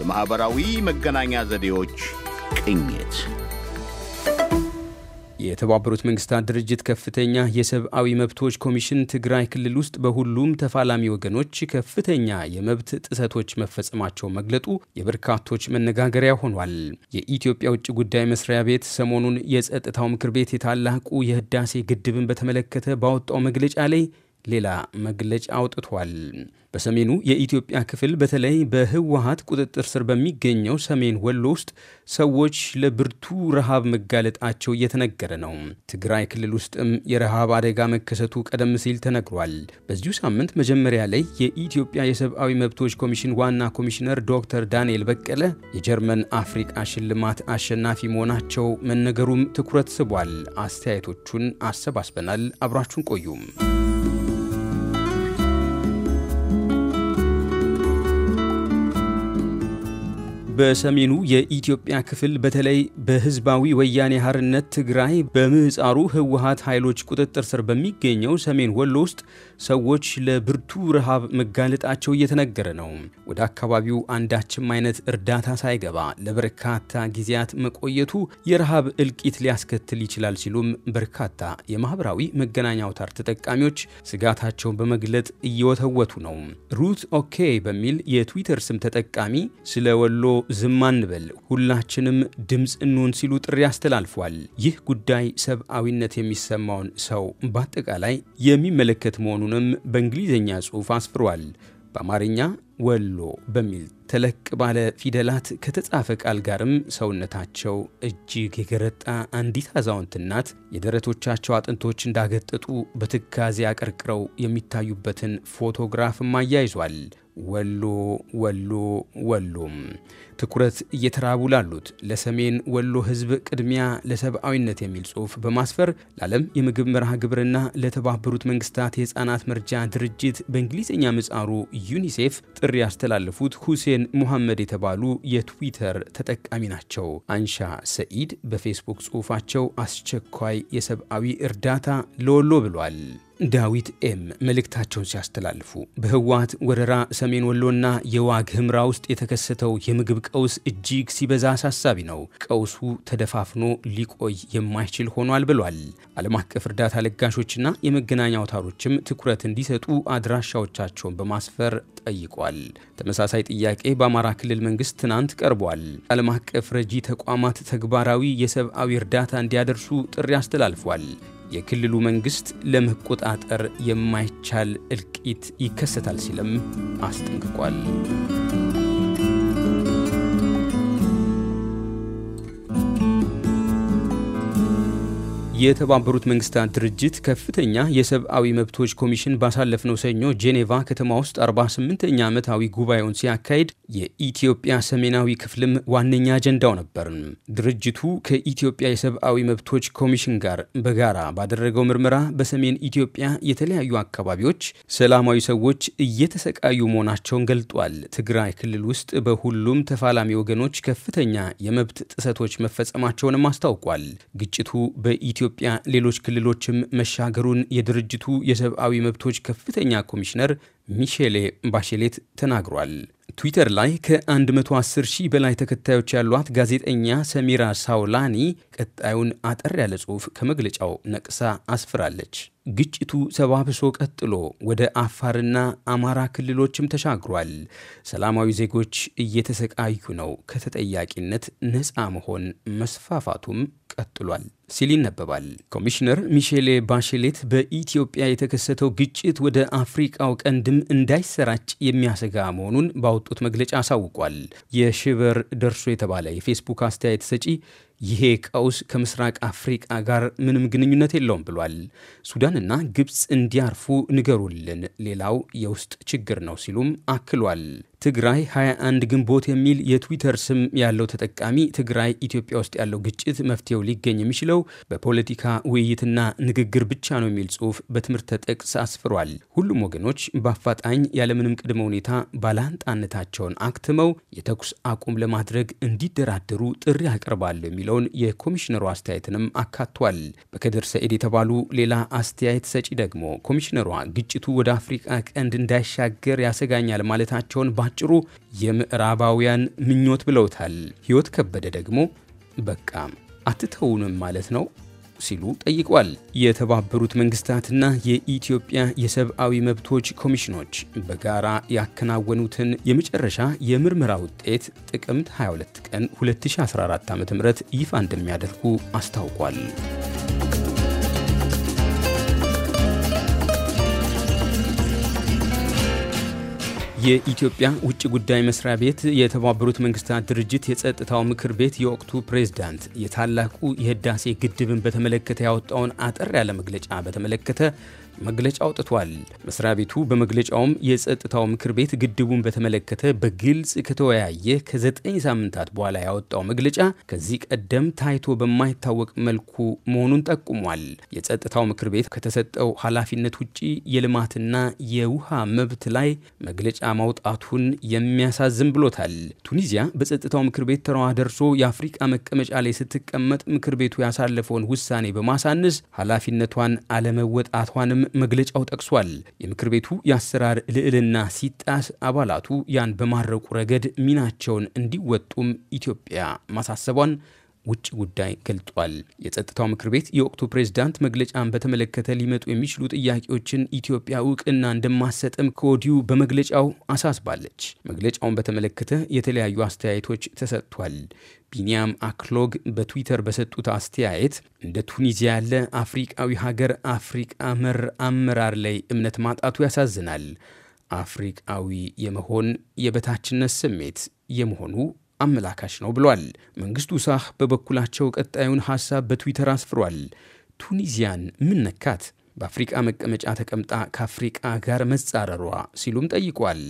የማኅበራዊ መገናኛ ዘዴዎች ቅኝት የተባበሩት መንግስታት ድርጅት ከፍተኛ የሰብአዊ መብቶች ኮሚሽን ትግራይ ክልል ውስጥ በሁሉም ተፋላሚ ወገኖች ከፍተኛ የመብት ጥሰቶች መፈጸማቸው መግለጡ የበርካቶች መነጋገሪያ ሆኗል። የኢትዮጵያ ውጭ ጉዳይ መስሪያ ቤት ሰሞኑን የጸጥታው ምክር ቤት የታላቁ የህዳሴ ግድብን በተመለከተ ባወጣው መግለጫ ላይ ሌላ መግለጫ አውጥቷል። በሰሜኑ የኢትዮጵያ ክፍል በተለይ በህወሀት ቁጥጥር ስር በሚገኘው ሰሜን ወሎ ውስጥ ሰዎች ለብርቱ ረሃብ መጋለጣቸው እየተነገረ ነው። ትግራይ ክልል ውስጥም የረሃብ አደጋ መከሰቱ ቀደም ሲል ተነግሯል። በዚሁ ሳምንት መጀመሪያ ላይ የኢትዮጵያ የሰብአዊ መብቶች ኮሚሽን ዋና ኮሚሽነር ዶክተር ዳንኤል በቀለ የጀርመን አፍሪቃ ሽልማት አሸናፊ መሆናቸው መነገሩም ትኩረት ስቧል። አስተያየቶቹን አሰባስበናል። አብራችሁን ቆዩም በሰሜኑ የኢትዮጵያ ክፍል በተለይ በህዝባዊ ወያኔ ሀርነት ትግራይ በምህፃሩ ህወሀት ኃይሎች ቁጥጥር ስር በሚገኘው ሰሜን ወሎ ውስጥ ሰዎች ለብርቱ ረሃብ መጋለጣቸው እየተነገረ ነው። ወደ አካባቢው አንዳችም አይነት እርዳታ ሳይገባ ለበርካታ ጊዜያት መቆየቱ የረሃብ እልቂት ሊያስከትል ይችላል ሲሉም በርካታ የማህበራዊ መገናኛ አውታር ተጠቃሚዎች ስጋታቸውን በመግለጥ እየወተወቱ ነው። ሩት ኦኬ በሚል የትዊተር ስም ተጠቃሚ ስለ ወሎ ዝም አንበል፣ ሁላችንም ድምፅ እንሆን ሲሉ ጥሪ አስተላልፏል። ይህ ጉዳይ ሰብአዊነት የሚሰማውን ሰው በአጠቃላይ የሚመለከት መሆኑን መሆኑንም በእንግሊዝኛ ጽሑፍ አስፍሯል። በአማርኛ ወሎ በሚል ተለቅ ባለ ፊደላት ከተጻፈ ቃል ጋርም ሰውነታቸው እጅግ የገረጣ አንዲት አዛውንት እናት የደረቶቻቸው አጥንቶች እንዳገጠጡ በትካዜ አቀርቅረው የሚታዩበትን ፎቶግራፍም አያይዟል። ወሎ ወሎ ወሎም ትኩረት እየተራቡ ላሉት ለሰሜን ወሎ ሕዝብ ቅድሚያ ለሰብአዊነት የሚል ጽሑፍ በማስፈር ለዓለም የምግብ መርሃ ግብርና ለተባበሩት መንግስታት የህፃናት መርጃ ድርጅት በእንግሊዝኛ ምጻሩ ዩኒሴፍ ጥሪ ያስተላለፉት ሁሴን ሙሐመድ የተባሉ የትዊተር ተጠቃሚ ናቸው። አንሻ ሰኢድ በፌስቡክ ጽሑፋቸው አስቸኳይ የሰብአዊ እርዳታ ለወሎ ብሏል። ዳዊት ኤም መልእክታቸውን ሲያስተላልፉ በህወሓት ወረራ ሰሜን ወሎና የዋግ ህምራ ውስጥ የተከሰተው የምግብ ቀውስ እጅግ ሲበዛ አሳሳቢ ነው። ቀውሱ ተደፋፍኖ ሊቆይ የማይችል ሆኗል ብሏል። ዓለም አቀፍ እርዳታ ለጋሾችና የመገናኛ አውታሮችም ትኩረት እንዲሰጡ አድራሻዎቻቸውን በማስፈር ጠይቋል። ተመሳሳይ ጥያቄ በአማራ ክልል መንግስት ትናንት ቀርቧል። ዓለም አቀፍ ረጂ ተቋማት ተግባራዊ የሰብአዊ እርዳታ እንዲያደርሱ ጥሪ አስተላልፏል። የክልሉ መንግሥት ለመቆጣጠር የማይቻል እልቂት ይከሰታል ሲልም አስጠንቅቋል። የተባበሩት መንግስታት ድርጅት ከፍተኛ የሰብአዊ መብቶች ኮሚሽን ባሳለፍነው ሰኞ ጄኔቫ ከተማ ውስጥ 48ኛ ዓመታዊ ጉባኤውን ሲያካሂድ የኢትዮጵያ ሰሜናዊ ክፍልም ዋነኛ አጀንዳው ነበር። ድርጅቱ ከኢትዮጵያ የሰብአዊ መብቶች ኮሚሽን ጋር በጋራ ባደረገው ምርመራ በሰሜን ኢትዮጵያ የተለያዩ አካባቢዎች ሰላማዊ ሰዎች እየተሰቃዩ መሆናቸውን ገልጧል። ትግራይ ክልል ውስጥ በሁሉም ተፋላሚ ወገኖች ከፍተኛ የመብት ጥሰቶች መፈጸማቸውንም አስታውቋል። ግጭቱ በኢትዮ ኢትዮጵያ ሌሎች ክልሎችም መሻገሩን የድርጅቱ የሰብአዊ መብቶች ከፍተኛ ኮሚሽነር ሚሼሌ ባሼሌት ተናግሯል። ትዊተር ላይ ከ110 ሺህ በላይ ተከታዮች ያሏት ጋዜጠኛ ሰሚራ ሳውላኒ ቀጣዩን አጠር ያለ ጽሑፍ ከመግለጫው ነቅሳ አስፍራለች። ግጭቱ ሰባብሶ ቀጥሎ ወደ አፋርና አማራ ክልሎችም ተሻግሯል። ሰላማዊ ዜጎች እየተሰቃዩ ነው። ከተጠያቂነት ነፃ መሆን መስፋፋቱም ቀጥሏል ሲል ይነበባል። ኮሚሽነር ሚሼሌ ባሽሌት በኢትዮጵያ የተከሰተው ግጭት ወደ አፍሪቃው ቀንድም እንዳይሰራጭ የሚያሰጋ መሆኑን ባወጡት መግለጫ አሳውቋል። የሽበር ደርሶ የተባለ የፌስቡክ አስተያየት ሰጪ ይሄ ቀውስ ከምስራቅ አፍሪቃ ጋር ምንም ግንኙነት የለውም ብሏል። ሱዳንና ግብፅ እንዲያርፉ ንገሩልን፣ ሌላው የውስጥ ችግር ነው ሲሉም አክሏል። ትግራይ 21 ግንቦት የሚል የትዊተር ስም ያለው ተጠቃሚ ትግራይ ኢትዮጵያ ውስጥ ያለው ግጭት መፍትሄው ሊገኝ የሚችለው በፖለቲካ ውይይትና ንግግር ብቻ ነው የሚል ጽሑፍ በትምህርት ተጠቅስ አስፍሯል። ሁሉም ወገኖች በአፋጣኝ ያለምንም ቅድመ ሁኔታ ባላንጣነታቸውን አክትመው የተኩስ አቁም ለማድረግ እንዲደራደሩ ጥሪ ያቀርባሉ የሚል የሚለውን የኮሚሽነሩ አስተያየትንም አካቷል። በከድር ሰኢድ የተባሉ ሌላ አስተያየት ሰጪ ደግሞ ኮሚሽነሯ ግጭቱ ወደ አፍሪቃ ቀንድ እንዳይሻገር ያሰጋኛል ማለታቸውን ባጭሩ የምዕራባውያን ምኞት ብለውታል። ህይወት ከበደ ደግሞ በቃ አትተውንም ማለት ነው ሲሉ ጠይቋል። የተባበሩት መንግስታትና የኢትዮጵያ የሰብአዊ መብቶች ኮሚሽኖች በጋራ ያከናወኑትን የመጨረሻ የምርመራ ውጤት ጥቅምት 22 ቀን 2014 .ም ይፋ እንደሚያደርጉ አስታውቋል። የኢትዮጵያ ውጭ ጉዳይ መስሪያ ቤት የተባበሩት መንግስታት ድርጅት የጸጥታው ምክር ቤት የወቅቱ ፕሬዝዳንት የታላቁ የህዳሴ ግድብን በተመለከተ ያወጣውን አጠር ያለ መግለጫ በተመለከተ መግለጫ አውጥቷል። መስሪያ ቤቱ በመግለጫውም የጸጥታው ምክር ቤት ግድቡን በተመለከተ በግልጽ ከተወያየ ከዘጠኝ ሳምንታት በኋላ ያወጣው መግለጫ ከዚህ ቀደም ታይቶ በማይታወቅ መልኩ መሆኑን ጠቁሟል። የጸጥታው ምክር ቤት ከተሰጠው ኃላፊነት ውጪ የልማትና የውሃ መብት ላይ መግለጫ ማውጣቱን የሚያሳዝን ብሎታል። ቱኒዚያ በጸጥታው ምክር ቤት ተራዋ ደርሶ የአፍሪቃ መቀመጫ ላይ ስትቀመጥ ምክር ቤቱ ያሳለፈውን ውሳኔ በማሳነስ ኃላፊነቷን አለመወጣቷንም መግለጫው ጠቅሷል። የምክር ቤቱ የአሰራር ልዕልና ሲጣስ አባላቱ ያን በማረቁ ረገድ ሚናቸውን እንዲወጡም ኢትዮጵያ ማሳሰቧን ውጭ ጉዳይ ገልጧል። የጸጥታው ምክር ቤት የወቅቱ ፕሬዝዳንት መግለጫን በተመለከተ ሊመጡ የሚችሉ ጥያቄዎችን ኢትዮጵያ እውቅና እንደማሰጥም ከወዲሁ በመግለጫው አሳስባለች። መግለጫውን በተመለከተ የተለያዩ አስተያየቶች ተሰጥቷል። ቢኒያም አክሎግ በትዊተር በሰጡት አስተያየት እንደ ቱኒዚያ ያለ አፍሪቃዊ ሀገር አፍሪቃ መር አመራር ላይ እምነት ማጣቱ ያሳዝናል። አፍሪቃዊ የመሆን የበታችነት ስሜት የመሆኑ አመላካች ነው ብሏል። መንግስቱ ሳህ በበኩላቸው ቀጣዩን ሀሳብ በትዊተር አስፍሯል። ቱኒዚያን ምን ነካት? በአፍሪቃ መቀመጫ ተቀምጣ ከአፍሪቃ ጋር መጻረሯ ሲሉም ጠይቋል።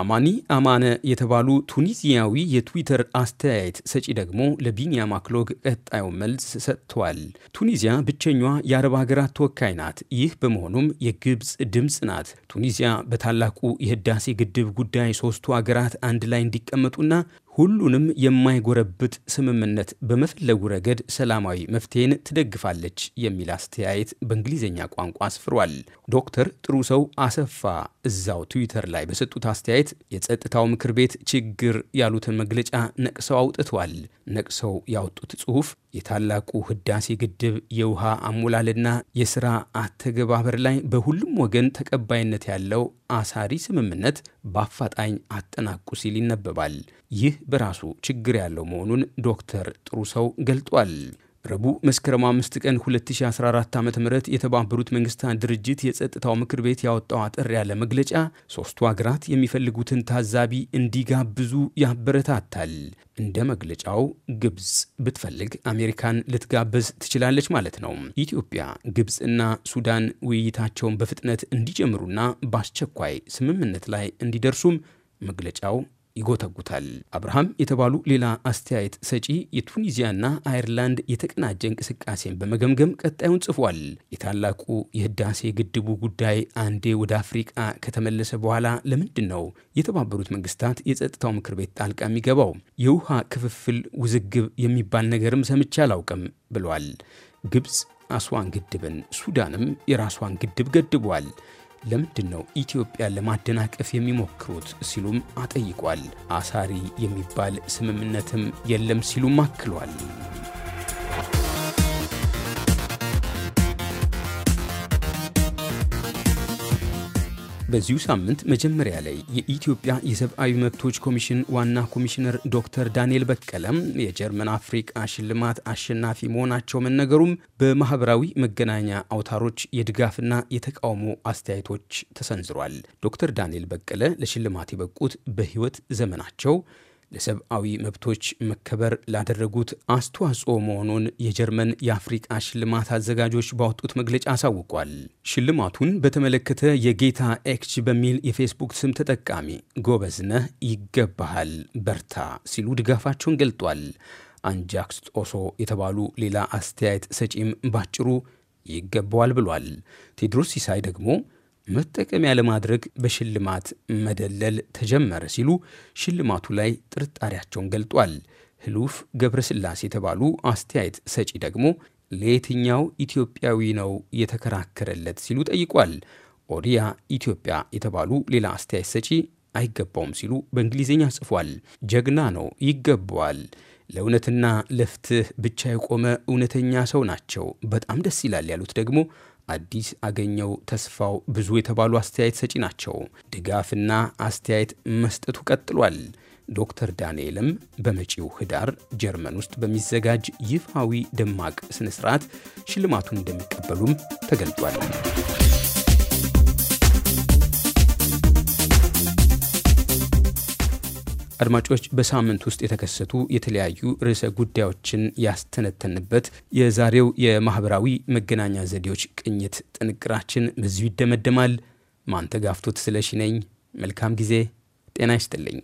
አማኒ አማነ የተባሉ ቱኒዚያዊ የትዊተር አስተያየት ሰጪ ደግሞ ለቢንያም አክሎግ ቀጣዩ መልስ ሰጥተዋል። ቱኒዚያ ብቸኛዋ የአረብ ሀገራት ተወካይ ናት። ይህ በመሆኑም የግብፅ ድምፅ ናት። ቱኒዚያ በታላቁ የህዳሴ ግድብ ጉዳይ ሶስቱ ሀገራት አንድ ላይ እንዲቀመጡና ሁሉንም የማይጎረብት ስምምነት በመፈለጉ ረገድ ሰላማዊ መፍትሄን ትደግፋለች የሚል አስተያየት በእንግሊዝኛ ቋንቋ አስፍሯል። ዶክተር ጥሩ ሰው አሰፋ እዛው ትዊተር ላይ በሰጡት አስተያየት የጸጥታው ምክር ቤት ችግር ያሉትን መግለጫ ነቅሰው አውጥተዋል። ነቅሰው ያወጡት ጽሑፍ የታላቁ ህዳሴ ግድብ የውሃ አሞላልና የሥራ አተገባበር ላይ በሁሉም ወገን ተቀባይነት ያለው አሳሪ ስምምነት በአፋጣኝ አጠናቁ ሲል ይነበባል። ይህ በራሱ ችግር ያለው መሆኑን ዶክተር ጥሩ ሰው ገልጧል። ረቡዕ መስከረም አምስት ቀን 2014 ዓ ም የተባበሩት መንግስታት ድርጅት የጸጥታው ምክር ቤት ያወጣው አጠር ያለ መግለጫ ሦስቱ አገራት የሚፈልጉትን ታዛቢ እንዲጋብዙ ያበረታታል። እንደ መግለጫው ግብፅ ብትፈልግ አሜሪካን ልትጋብዝ ትችላለች ማለት ነው። ኢትዮጵያ፣ ግብፅና ሱዳን ውይይታቸውን በፍጥነት እንዲጀምሩና በአስቸኳይ ስምምነት ላይ እንዲደርሱም መግለጫው ይጎተጉታል። አብርሃም የተባሉ ሌላ አስተያየት ሰጪ የቱኒዚያና አየርላንድ የተቀናጀ እንቅስቃሴን በመገምገም ቀጣዩን ጽፏል። የታላቁ የህዳሴ ግድቡ ጉዳይ አንዴ ወደ አፍሪቃ ከተመለሰ በኋላ ለምንድን ነው የተባበሩት መንግስታት የጸጥታው ምክር ቤት ጣልቃ የሚገባው? የውሃ ክፍፍል ውዝግብ የሚባል ነገርም ሰምቼ አላውቅም ብሏል። ግብፅ አስዋን ግድብን፣ ሱዳንም የራሷን ግድብ ገድቧል። ለምንድን ነው ኢትዮጵያን ለማደናቀፍ የሚሞክሩት ሲሉም አጠይቋል። አሳሪ የሚባል ስምምነትም የለም ሲሉም አክሏል። በዚሁ ሳምንት መጀመሪያ ላይ የኢትዮጵያ የሰብአዊ መብቶች ኮሚሽን ዋና ኮሚሽነር ዶክተር ዳንኤል በቀለም የጀርመን አፍሪቃ ሽልማት አሸናፊ መሆናቸው መነገሩም በማህበራዊ መገናኛ አውታሮች የድጋፍና የተቃውሞ አስተያየቶች ተሰንዝሯል። ዶክተር ዳንኤል በቀለ ለሽልማት የበቁት በህይወት ዘመናቸው ለሰብአዊ መብቶች መከበር ላደረጉት አስተዋጽኦ መሆኑን የጀርመን የአፍሪቃ ሽልማት አዘጋጆች ባወጡት መግለጫ አሳውቋል። ሽልማቱን በተመለከተ የጌታ ኤክች በሚል የፌስቡክ ስም ተጠቃሚ ጎበዝነህ ይገባሃል፣ በርታ ሲሉ ድጋፋቸውን ገልጧል። አንጃክስ ጦሶ የተባሉ ሌላ አስተያየት ሰጪም ባጭሩ ይገባዋል ብሏል። ቴድሮስ ሲሳይ ደግሞ መጠቀሚያ ለማድረግ በሽልማት መደለል ተጀመረ ሲሉ ሽልማቱ ላይ ጥርጣሬያቸውን ገልጧል። ህሉፍ ገብረስላሴ የተባሉ አስተያየት ሰጪ ደግሞ ለየትኛው ኢትዮጵያዊ ነው የተከራከረለት ሲሉ ጠይቋል። ኦዲያ ኢትዮጵያ የተባሉ ሌላ አስተያየት ሰጪ አይገባውም ሲሉ በእንግሊዝኛ ጽፏል። ጀግና ነው፣ ይገባዋል። ለእውነትና ለፍትህ ብቻ የቆመ እውነተኛ ሰው ናቸው። በጣም ደስ ይላል ያሉት ደግሞ አዲስ አገኘው ተስፋው ብዙ የተባሉ አስተያየት ሰጪ ናቸው። ድጋፍና አስተያየት መስጠቱ ቀጥሏል። ዶክተር ዳንኤልም በመጪው ህዳር ጀርመን ውስጥ በሚዘጋጅ ይፋዊ ደማቅ ስነ ስርዓት ሽልማቱን እንደሚቀበሉም ተገልጧል። አድማጮች በሳምንት ውስጥ የተከሰቱ የተለያዩ ርዕሰ ጉዳዮችን ያስተነተንበት የዛሬው የማህበራዊ መገናኛ ዘዴዎች ቅኝት ጥንቅራችን በዚሁ ይደመደማል። ማንተጋፍቶት ስለሺ ነኝ። መልካም ጊዜ። ጤና ይስጥልኝ።